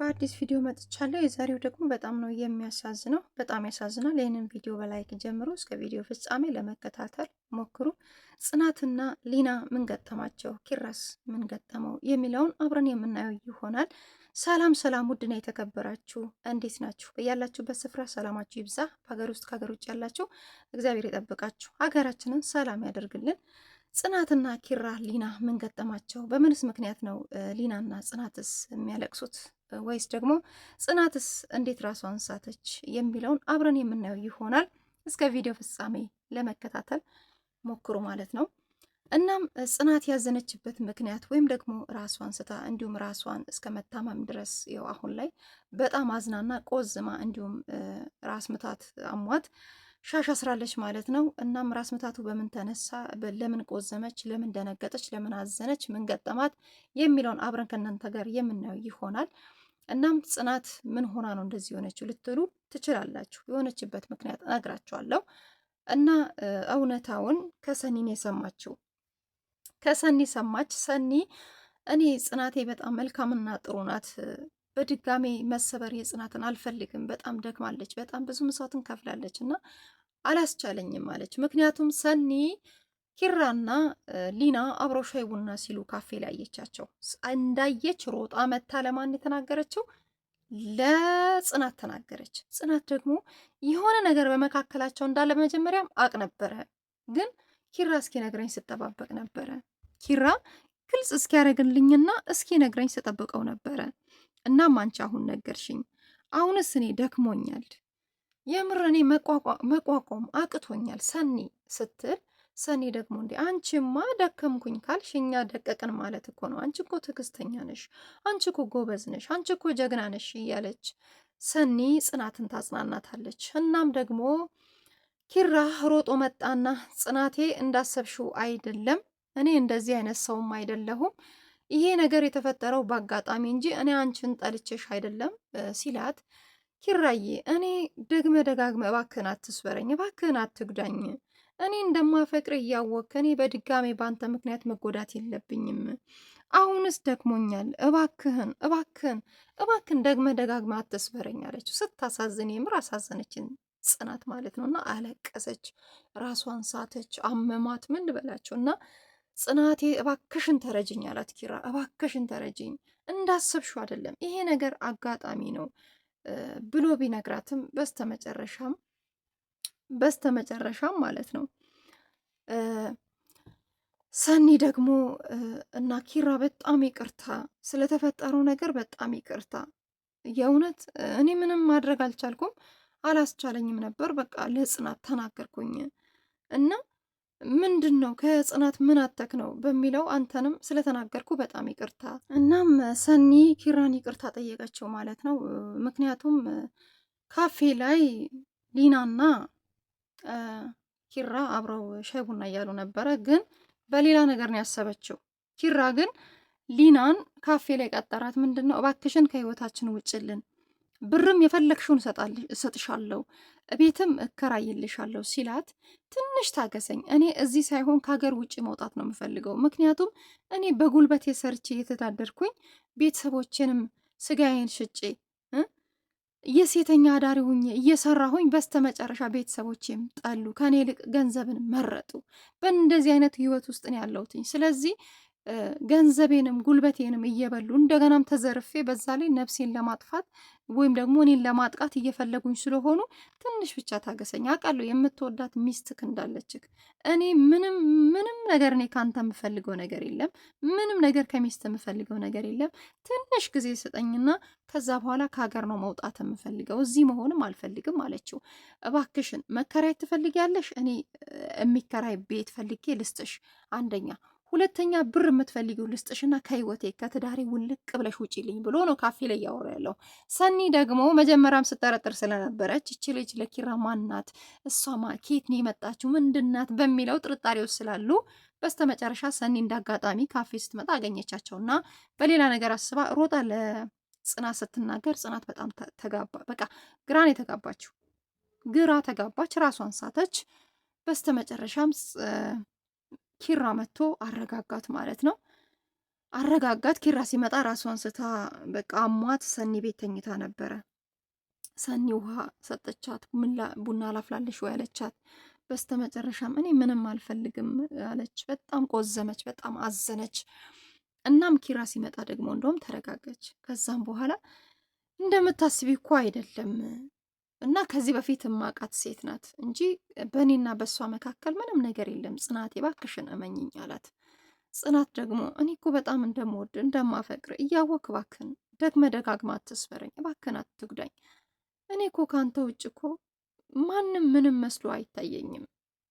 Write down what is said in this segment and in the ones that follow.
በአዲስ ቪዲዮ መጥቻለሁ። የዛሬው ደግሞ በጣም ነው የሚያሳዝነው፣ በጣም ያሳዝናል። ይህንን ቪዲዮ በላይክ ጀምሮ እስከ ቪዲዮ ፍጻሜ ለመከታተል ሞክሩ። ጽናትና ሊና ምን ገጠማቸው፣ ኪራስ ምን ገጠመው የሚለውን አብረን የምናየው ይሆናል። ሰላም ሰላም! ውድና የተከበራችሁ እንዴት ናችሁ? በያላችሁበት ስፍራ ሰላማችሁ ይብዛ። በሀገር ውስጥ ከሀገር ውጭ ያላችሁ እግዚአብሔር ይጠብቃችሁ፣ ሀገራችንን ሰላም ያደርግልን። ጽናትና ኪራ ሊና ምን ገጠማቸው? በምንስ ምክንያት ነው ሊናና ጽናትስ የሚያለቅሱት? ወይስ ደግሞ ጽናትስ እንዴት ራሷን ሳተች የሚለውን አብረን የምናየው ይሆናል። እስከ ቪዲዮ ፍጻሜ ለመከታተል ሞክሩ ማለት ነው። እናም ጽናት ያዘነችበት ምክንያት ወይም ደግሞ ራሷን ስታ እንዲሁም ራሷን እስከ መታመም ድረስ ያው አሁን ላይ በጣም አዝናና ቆዝማ እንዲሁም ራስ ምታት አሟት ሻሽ አስራለች ማለት ነው። እናም ራስ ምታቱ በምን ተነሳ፣ ለምን ቆዘመች፣ ለምን ደነገጠች፣ ለምን አዘነች፣ ምን ገጠማት የሚለውን አብረን ከእናንተ ጋር የምናየው ይሆናል። እናም ጽናት ምን ሆና ነው እንደዚህ የሆነችው ልትሉ ትችላላችሁ። የሆነችበት ምክንያት እነግራችኋለሁ እና እውነታውን ከሰኒን የሰማችው ከሰኒ ሰማች። ሰኒ እኔ ጽናቴ በጣም መልካምና ጥሩ ናት በድጋሜ መሰበር የጽናትን አልፈልግም፣ በጣም ደክማለች፣ በጣም ብዙ መስዋዕትን ከፍላለች እና አላስቻለኝም ማለች። ምክንያቱም ሰኒ ኪራና ሊና አብሮ ሻይ ቡና ሲሉ ካፌ ላይ አየቻቸው። እንዳየች ሮጣ መታ ለማን የተናገረችው? ለጽናት ተናገረች። ጽናት ደግሞ የሆነ ነገር በመካከላቸው እንዳለ መጀመሪያም አቅ ነበረ፣ ግን ኪራ ነግረኝ ስጠባበቅ ነበረ። ኪራ ግልጽ እስኪያደርግልኝና ነግረኝ ስጠብቀው ነበረ እናም አንቺ አሁን ነገርሽኝ። አሁንስ እኔ ደክሞኛል፣ የምር እኔ መቋቋም አቅቶኛል ሰኒ ስትል ሰኒ ደግሞ እንዴ አንቺማ ደከምኩኝ ካልሽ እኛ ደቀቅን ማለት እኮ ነው። አንቺ እኮ ትዕግስተኛ ነሽ፣ አንቺ እኮ ጎበዝ ነሽ፣ አንቺ እኮ ጀግና ነሽ እያለች ሰኒ ጽናትን ታጽናናታለች። እናም ደግሞ ኪራ ሮጦ መጣና ጽናቴ እንዳሰብሽው አይደለም፣ እኔ እንደዚህ አይነት ሰውም አይደለሁም ይሄ ነገር የተፈጠረው በአጋጣሚ እንጂ እኔ አንቺን ጠልቼሽ አይደለም ሲላት፣ ኪራዬ እኔ ደግመ ደጋግመ እባክህን አትስበረኝ፣ እባክህን አትጉዳኝ። እኔ እንደማፈቅር እያወቅህ እኔ በድጋሜ በአንተ ምክንያት መጎዳት የለብኝም። አሁንስ ደክሞኛል፣ እባክህን እባክህን እባክህን ደግመ ደጋግመ አትስበረኝ አለችው። ስታሳዝን የምር አሳዘነችን ጽናት ማለት ነው። እና አለቀሰች፣ ራሷን ሳተች፣ አመማት። ምን ልበላቸው እና ጽናቴ እባክሽን ተረጅኝ አላት ኪራ። እባክሽን ተረጅኝ እንዳሰብሽው አይደለም፣ ይሄ ነገር አጋጣሚ ነው ብሎ ቢነግራትም በስተመጨረሻም በስተመጨረሻም ማለት ነው ሰኒ ደግሞ እና ኪራ በጣም ይቅርታ ስለተፈጠረው ነገር በጣም ይቅርታ፣ የእውነት እኔ ምንም ማድረግ አልቻልኩም፣ አላስቻለኝም ነበር። በቃ ለጽናት ተናገርኩኝ እና ምንድን ነው ከጽናት ምን አተክ ነው በሚለው አንተንም ስለተናገርኩ በጣም ይቅርታ። እናም ሰኒ ኪራን ይቅርታ ጠየቀችው ማለት ነው። ምክንያቱም ካፌ ላይ ሊናና ኪራ አብረው ሻይ ቡና እያሉ ነበረ፣ ግን በሌላ ነገር ነው ያሰበችው። ኪራ ግን ሊናን ካፌ ላይ ቀጠራት። ምንድን ነው እባክሽን ከህይወታችን ውጭልን ብርም የፈለግሽውን እሰጥሻለሁ፣ ቤትም እከራይልሻለሁ ሲላት ትንሽ ታገሰኝ፣ እኔ እዚህ ሳይሆን ከሀገር ውጭ መውጣት ነው የምፈልገው። ምክንያቱም እኔ በጉልበት ሰርቼ የተዳደርኩኝ ቤተሰቦቼንም ስጋዬን ሽጬ የሴተኛ አዳሪ ሁኜ እየሰራሁኝ መጨረሻ ቤተሰቦቼም ጠሉ፣ ከእኔ ይልቅ ገንዘብን መረጡ። በእንደዚህ አይነት ህይወት ውስጥ ነው ያለሁትኝ። ስለዚህ ገንዘቤንም ጉልበቴንም እየበሉ እንደገናም ተዘርፌ በዛ ላይ ነፍሴን ለማጥፋት ወይም ደግሞ እኔን ለማጥቃት እየፈለጉኝ ስለሆኑ ትንሽ ብቻ ታገሰኝ። አውቃለሁ የምትወዳት ሚስትክ እንዳለችክ። እኔ ምንም ምንም ነገር እኔ ካንተ የምፈልገው ነገር የለም። ምንም ነገር ከሚስት የምፈልገው ነገር የለም። ትንሽ ጊዜ ስጠኝና ከዛ በኋላ ከሀገር ነው መውጣት የምፈልገው፣ እዚህ መሆንም አልፈልግም አለችው። እባክሽን መከራየት ትፈልጊያለሽ? እኔ የሚከራይ ቤት ፈልጌ ልስጥሽ። አንደኛ ሁለተኛ ብር የምትፈልጊው ልስጥሽና ከህይወቴ ከትዳሬ ውልቅ ብለሽ ውጪልኝ ብሎ ነው ካፌ ላይ እያወራ ያለው። ሰኒ ደግሞ መጀመሪያም ስጠረጥር ስለነበረች እቺ ልጅ ለኪራ ማናት፣ እሷማ ኬት ነው የመጣችው፣ ምንድናት በሚለው ጥርጣሬዎች ስላሉ በስተመጨረሻ ሰኒ እንዳጋጣሚ ካፌ ስትመጣ አገኘቻቸውና በሌላ ነገር አስባ ሮጣ ለጽናት ስትናገር ጽናት በጣም ተጋባ። በቃ ግራን የተጋባችው ግራ ተጋባች፣ ራሷን ሳተች። በስተመጨረሻም ኪራ መጥቶ አረጋጋት ማለት ነው። አረጋጋት። ኪራ ሲመጣ ራሷን ስታ በቃ አሟት ሰኒ ቤት ተኝታ ነበረ። ሰኒ ውሃ ሰጠቻት። ቡና ላፍላልሽ ወይ ያለቻት። በስተ መጨረሻም እኔ ምንም አልፈልግም አለች። በጣም ቆዘመች፣ በጣም አዘነች። እናም ኪራ ሲመጣ ደግሞ እንደውም ተረጋጋች። ከዛም በኋላ እንደምታስቢ እኮ አይደለም እና ከዚህ በፊት የማውቃት ሴት ናት እንጂ በእኔና በእሷ መካከል ምንም ነገር የለም፣ ጽናቴ እባክሽን እመኝኝ አላት። ጽናት ደግሞ እኔ እኮ በጣም እንደምወድ እንደማፈቅር እያወክ እባክህን ደግመ ደጋግማ አትስበረኝ፣ እባክህን አትጉዳኝ። እኔ እኮ ከአንተ ውጭ እኮ ማንም ምንም መስሎ አይታየኝም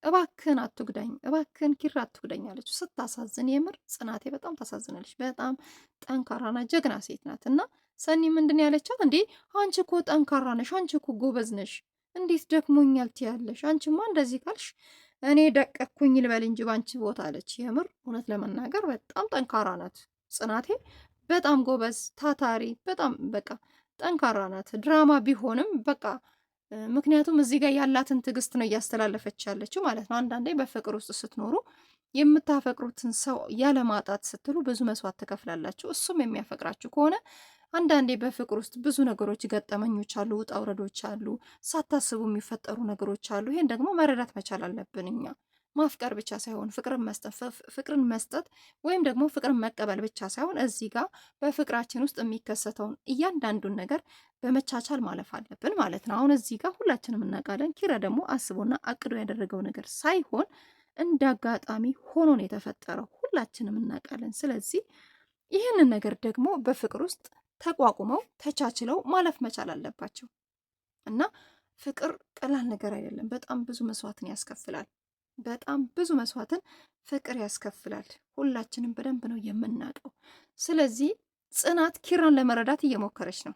እባክን አትጉዳኝ፣ እባክን ኪራ አትጉዳኝ አለች። ስታሳዝን የምር ጽናቴ በጣም ታሳዝናለች። በጣም ጠንካራና ጀግና ሴት ናት። እና ሰኒ ምንድን ያለቻት እንዴ አንቺ እኮ ጠንካራ ነሽ፣ አንቺ እኮ ጎበዝ ነሽ፣ እንዴት ደክሞኛል ትያለሽ? አንቺማ እንደዚህ ካልሽ እኔ ደቀኩኝ ልበል እንጂ ባንቺ ቦታ አለች። የምር እውነት ለመናገር በጣም ጠንካራ ናት ጽናቴ፣ በጣም ጎበዝ ታታሪ፣ በጣም በቃ ጠንካራ ናት። ድራማ ቢሆንም በቃ ምክንያቱም እዚህ ጋር ያላትን ትዕግስት ነው እያስተላለፈች ያለችው ማለት ነው። አንዳንዴ በፍቅር ውስጥ ስትኖሩ የምታፈቅሩትን ሰው ያለማጣት ስትሉ ብዙ መስዋዕት ትከፍላላችሁ። እሱም የሚያፈቅራችሁ ከሆነ አንዳንዴ በፍቅር ውስጥ ብዙ ነገሮች፣ ገጠመኞች አሉ፣ ውጣ ውረዶች አሉ፣ ሳታስቡ የሚፈጠሩ ነገሮች አሉ። ይህን ደግሞ መረዳት መቻል አለብን እኛ ማፍቀር ብቻ ሳይሆን ፍቅርን መስጠት ፍቅርን መስጠት ወይም ደግሞ ፍቅርን መቀበል ብቻ ሳይሆን እዚህ ጋር በፍቅራችን ውስጥ የሚከሰተውን እያንዳንዱን ነገር በመቻቻል ማለፍ አለብን ማለት ነው። አሁን እዚህ ጋር ሁላችንም እናውቃለን። ኪራ ደግሞ አስቦና አቅዶ ያደረገው ነገር ሳይሆን እንደ አጋጣሚ ሆኖ ነው የተፈጠረው። ሁላችንም እናውቃለን። ስለዚህ ይህንን ነገር ደግሞ በፍቅር ውስጥ ተቋቁመው ተቻችለው ማለፍ መቻል አለባቸው እና ፍቅር ቀላል ነገር አይደለም። በጣም ብዙ መስዋዕትን ያስከፍላል። በጣም ብዙ መስዋዕትን ፍቅር ያስከፍላል። ሁላችንም በደንብ ነው የምናውቀው። ስለዚህ ጽናት ኪራን ለመረዳት እየሞከረች ነው።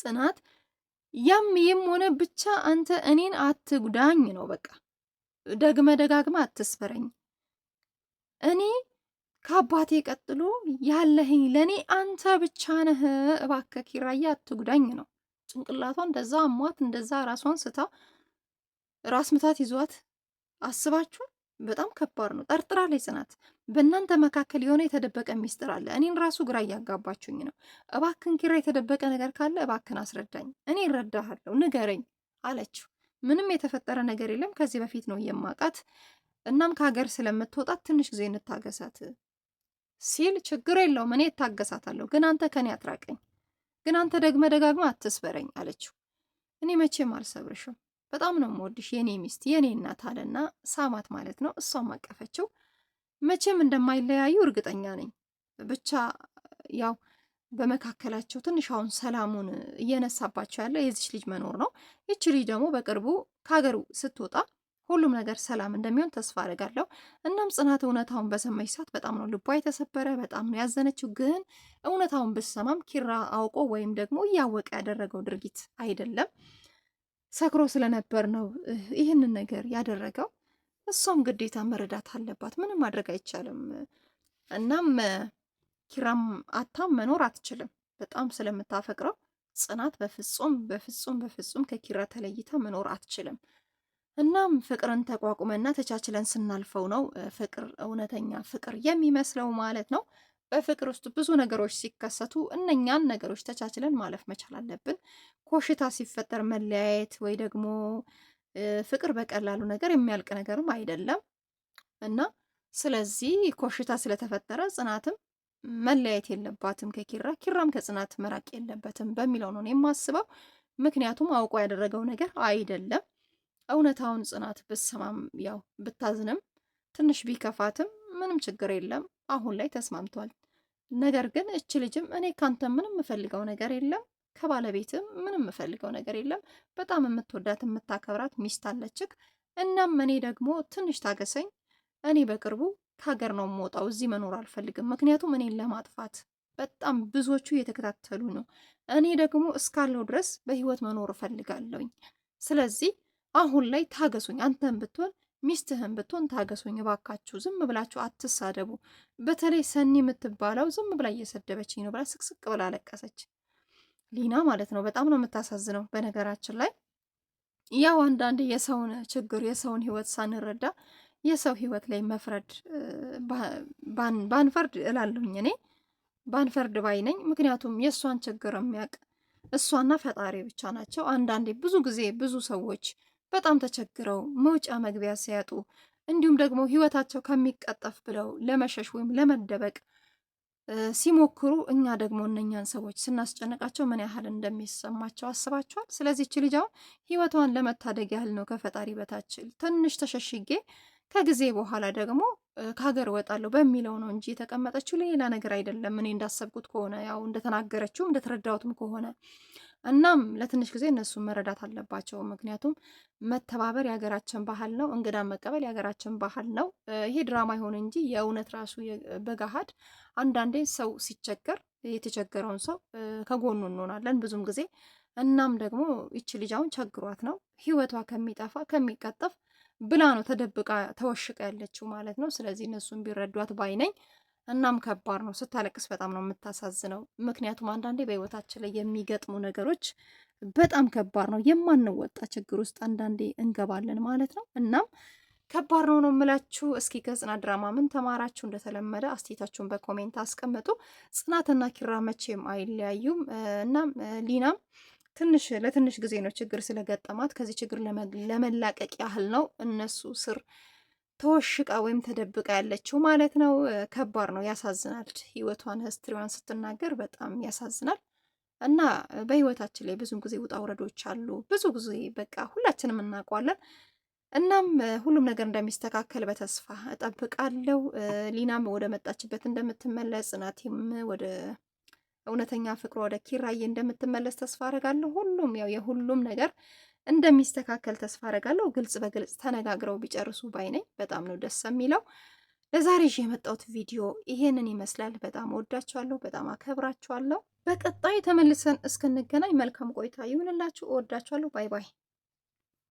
ጽናት ያም ይም ሆነ ብቻ አንተ እኔን አትጉዳኝ ነው በቃ ደግመ ደጋግመ አትስበረኝ። እኔ ከአባቴ ቀጥሎ ያለህኝ ለእኔ አንተ ብቻ ነህ። እባክህ ኪራዬ አትጉዳኝ ነው። ጭንቅላቷ እንደዛ አሟት እንደዛ ራሷን ስታ ራስ ምታት ይዟት አስባችሁ በጣም ከባድ ነው። ጠርጥራ ላይ ጽናት፣ በእናንተ መካከል የሆነ የተደበቀ ሚስጥር አለ። እኔን ራሱ ግራ እያጋባችሁኝ ነው። እባክን ኪራ፣ የተደበቀ ነገር ካለ እባክን አስረዳኝ፣ እኔ እረዳሃለሁ፣ ንገረኝ አለችው። ምንም የተፈጠረ ነገር የለም ከዚህ በፊት ነው የማውቃት። እናም ከሀገር ስለምትወጣት ትንሽ ጊዜ እንታገሳት ሲል ችግር የለውም እኔ እታገሳታለሁ፣ ግን አንተ ከኔ አትራቀኝ፣ ግን አንተ ደግመ ደጋግመ አትስበረኝ አለችው። እኔ መቼም አልሰብርሽም በጣም ነው የምወድሽ የኔ ሚስት የኔ እናት አለና ሳማት ማለት ነው። እሷም አቀፈችው። መቼም እንደማይለያዩ እርግጠኛ ነኝ። ብቻ ያው በመካከላቸው ትንሽ አሁን ሰላሙን እየነሳባቸው ያለ የዚች ልጅ መኖር ነው። ይች ልጅ ደግሞ በቅርቡ ከሀገሩ ስትወጣ ሁሉም ነገር ሰላም እንደሚሆን ተስፋ አደርጋለሁ። እናም ጽናት እውነታውን በሰማች ሰዓት በጣም ነው ልቧ የተሰበረ፣ በጣም ነው ያዘነችው። ግን እውነታውን ብሰማም ኪራ አውቆ ወይም ደግሞ እያወቀ ያደረገው ድርጊት አይደለም ሰክሮ ስለነበር ነው ይህንን ነገር ያደረገው። እሷም ግዴታ መረዳት አለባት። ምንም ማድረግ አይቻልም። እናም ኪራም አታም መኖር አትችልም። በጣም ስለምታፈቅረው ጽናት በፍጹም በፍጹም በፍጹም ከኪራ ተለይታ መኖር አትችልም። እናም ፍቅርን ተቋቁመና ተቻችለን ስናልፈው ነው ፍቅር እውነተኛ ፍቅር የሚመስለው ማለት ነው። በፍቅር ውስጥ ብዙ ነገሮች ሲከሰቱ እነኛን ነገሮች ተቻችለን ማለፍ መቻል አለብን። ኮሽታ ሲፈጠር መለያየት ወይ ደግሞ ፍቅር በቀላሉ ነገር የሚያልቅ ነገርም አይደለም እና ስለዚህ ኮሽታ ስለተፈጠረ ጽናትም መለያየት የለባትም ከኪራ ኪራም ከጽናት መራቅ የለበትም በሚለው ነው የማስበው። ምክንያቱም አውቆ ያደረገው ነገር አይደለም። እውነታውን ጽናት ብትሰማም ያው ብታዝንም ትንሽ ቢከፋትም ምንም ችግር የለም አሁን ላይ ተስማምቷል። ነገር ግን እች ልጅም እኔ ካንተ ምንም የምፈልገው ነገር የለም ከባለቤትም ምንም የምፈልገው ነገር የለም። በጣም የምትወዳት የምታከብራት ሚስት አለችክ። እናም እኔ ደግሞ ትንሽ ታገሰኝ። እኔ በቅርቡ ከሀገር ነው የምወጣው። እዚህ መኖር አልፈልግም። ምክንያቱም እኔን ለማጥፋት በጣም ብዙዎቹ እየተከታተሉ ነው። እኔ ደግሞ እስካለው ድረስ በህይወት መኖር እፈልጋለሁኝ። ስለዚህ አሁን ላይ ታገሱኝ። አንተን ብትሆን ሚስትህን ብትሆን ታገሱኝ እባካችሁ፣ ዝም ብላችሁ አትሳደቡ። በተለይ ሰኒ የምትባለው ዝም ብላ እየሰደበችኝ ነው ብላ ስቅስቅ ብላ አለቀሰች። ሊና ማለት ነው። በጣም ነው የምታሳዝነው። በነገራችን ላይ ያው አንዳንድ የሰውን ችግር የሰውን ህይወት ሳንረዳ የሰው ህይወት ላይ መፍረድ ባንፈርድ እላለሁኝ እኔ ባንፈርድ ባይ ነኝ። ምክንያቱም የእሷን ችግር የሚያውቅ እሷና ፈጣሪ ብቻ ናቸው። አንዳንዴ ብዙ ጊዜ ብዙ ሰዎች በጣም ተቸግረው መውጫ መግቢያ ሲያጡ እንዲሁም ደግሞ ህይወታቸው ከሚቀጠፍ ብለው ለመሸሽ ወይም ለመደበቅ ሲሞክሩ እኛ ደግሞ እነኛን ሰዎች ስናስጨንቃቸው ምን ያህል እንደሚሰማቸው አስባችኋል? ስለዚህ ልጅ አሁን ህይወቷን ለመታደግ ያህል ነው ከፈጣሪ በታች ትንሽ ተሸሽጌ ከጊዜ በኋላ ደግሞ ከሀገር እወጣለሁ በሚለው ነው እንጂ የተቀመጠችው ሌላ ነገር አይደለም። እኔ እንዳሰብኩት ከሆነ ያው እንደተናገረችውም እንደተረዳሁትም ከሆነ እናም ለትንሽ ጊዜ እነሱ መረዳት አለባቸው። ምክንያቱም መተባበር የሀገራችን ባህል ነው፣ እንግዳ መቀበል የሀገራችን ባህል ነው። ይሄ ድራማ ይሆን እንጂ የእውነት ራሱ በገሃድ አንዳንዴ ሰው ሲቸገር የተቸገረውን ሰው ከጎኑ እንሆናለን ብዙም ጊዜ። እናም ደግሞ ይቺ ልጅ አሁን ቸግሯት ነው ህይወቷ ከሚጠፋ ከሚቀጠፍ ብላ ነው ተደብቃ ተወሽቀ ያለችው ማለት ነው። ስለዚህ እነሱን ቢረዷት ባይ ነኝ። እናም ከባድ ነው። ስታለቅስ በጣም ነው የምታሳዝነው። ምክንያቱም አንዳንዴ በህይወታችን ላይ የሚገጥሙ ነገሮች በጣም ከባድ ነው። የማንወጣ ችግር ውስጥ አንዳንዴ እንገባለን ማለት ነው። እናም ከባድ ነው ነው የምላችሁ። እስኪ ከጽናት ድራማ ምን ተማራችሁ? እንደተለመደ አስተያየታችሁን በኮሜንት አስቀምጡ። ጽናትና ኪራ መቼም አይለያዩም። እናም ሊናም ትንሽ ለትንሽ ጊዜ ነው ችግር ስለገጠማት ከዚህ ችግር ለመላቀቅ ያህል ነው እነሱ ስር ተወሽቃ ወይም ተደብቃ ያለችው ማለት ነው። ከባድ ነው፣ ያሳዝናል። ህይወቷን ህስትሪዋን ስትናገር በጣም ያሳዝናል። እና በህይወታችን ላይ ብዙ ጊዜ ውጣ ውረዶች አሉ። ብዙ ጊዜ በቃ ሁላችንም እናውቀዋለን። እናም ሁሉም ነገር እንደሚስተካከል በተስፋ እጠብቃለሁ። ሊናም ወደ መጣችበት እንደምትመለስ፣ ጽናቴም ወደ እውነተኛ ፍቅሯ ወደ ኪራዬ እንደምትመለስ ተስፋ አደርጋለሁ። ሁሉም ያው የሁሉም ነገር እንደሚስተካከል ተስፋ አደርጋለሁ። ግልጽ በግልጽ ተነጋግረው ቢጨርሱ ባይ ነኝ። በጣም ነው ደስ የሚለው። ለዛሬ ይዤ የመጣሁት ቪዲዮ ይሄንን ይመስላል። በጣም ወዳችኋለሁ፣ በጣም አከብራችኋለሁ። በቀጣይ ተመልሰን እስክንገናኝ መልካም ቆይታ ይሁንላችሁ። እወዳችኋለሁ። ባይ ባይ።